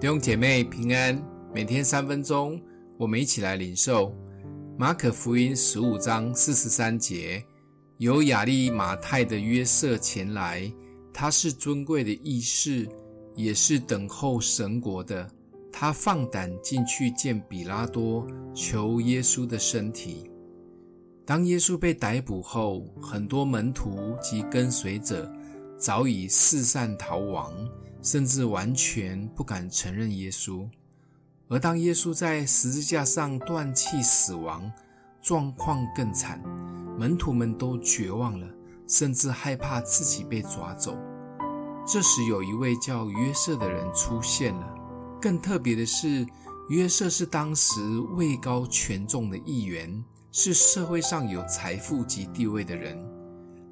弟兄姐妹平安，每天三分鐘，我們一起來領受《馬可福音》十五章四十三節：有亞利馬太的約瑟前來，他是尊貴的議士，也是等候神國的。他放膽進去見彼拉多，求耶穌的身體。當耶穌被逮捕後，很多門徒及跟隨者早已四散逃亡。甚至完全不敢承認耶穌。而當耶穌在十字架上斷氣死亡，狀況更慘，門徒們都絕望了，甚至害怕自己被抓走。這時，有一位叫約瑟的人出現了。更特別的是，約瑟是當時位高權重的議員，是社會上有財富及地位的人。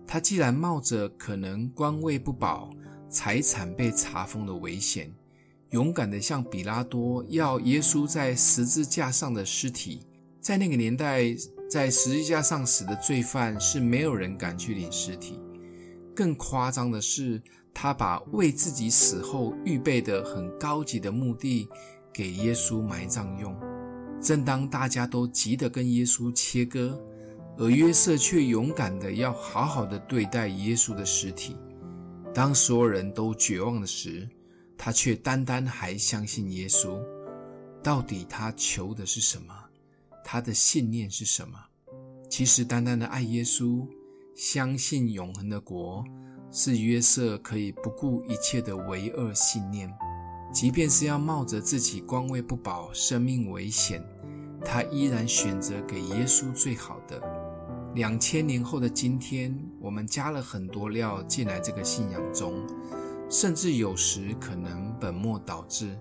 他竟然冒着可能官位不保，財產被查封的危險，勇敢地向彼拉多要耶穌在十字架上的屍體。在那個年代，在十字架上死的罪犯是沒有人敢去領屍體。更誇張的是，他把為自己死後預備的很高級的墓地給耶穌埋葬用。正當大家都急得跟耶穌切割，而約瑟卻勇敢地要好好的對待耶穌的屍體。當所有人都絕望的時，他卻單單還相信耶穌。到底他求的是什麼？他的信念是什麼？其實，單單的愛耶穌、相信永恆的國，是約瑟可以不顧一切的唯二信念。即便是要冒着自己官位不保、生命危險，他依然選擇給耶穌最好的。兩千年後的今天，我們加了很多料進來這個信仰中，甚至有時可能本末倒置。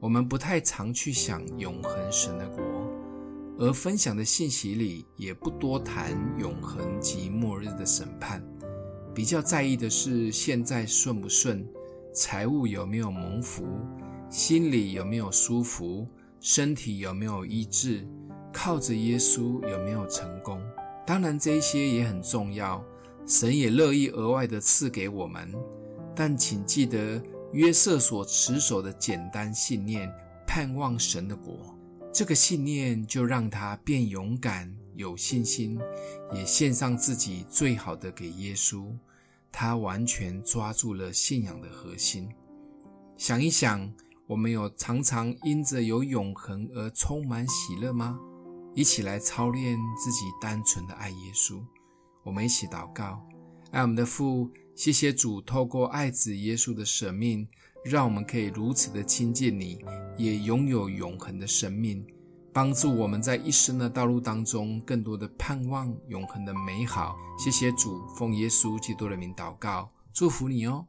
我們不太常去想永恆神的國，而分享的信息裡也不多談永恆及末日的審判。比較在意的是現在順不順，財務有沒有蒙福，心裡有沒有舒服，身體有沒有醫治，靠着耶穌有沒有成功。當然，這一些也很重要，神也樂意額外的賜給我們。但請記得，約瑟所持守的簡單信念——盼望神的國，這個信念就讓他變勇敢、有信心，也獻上自己最好的給耶穌。他完全抓住了信仰的核心。想一想，我們有常常因着有永恆而充滿喜樂嗎？一起來操練自己單純的愛耶穌。我們一起禱告，愛我們的父。謝謝主，透過愛子耶穌的捨命，讓我們可以如此的親近你，也擁有永恆的生命。幫助我們在一生的道路當中，更多的盼望永恆的美好。謝謝主，奉耶穌基督的名禱告，祝福你哦。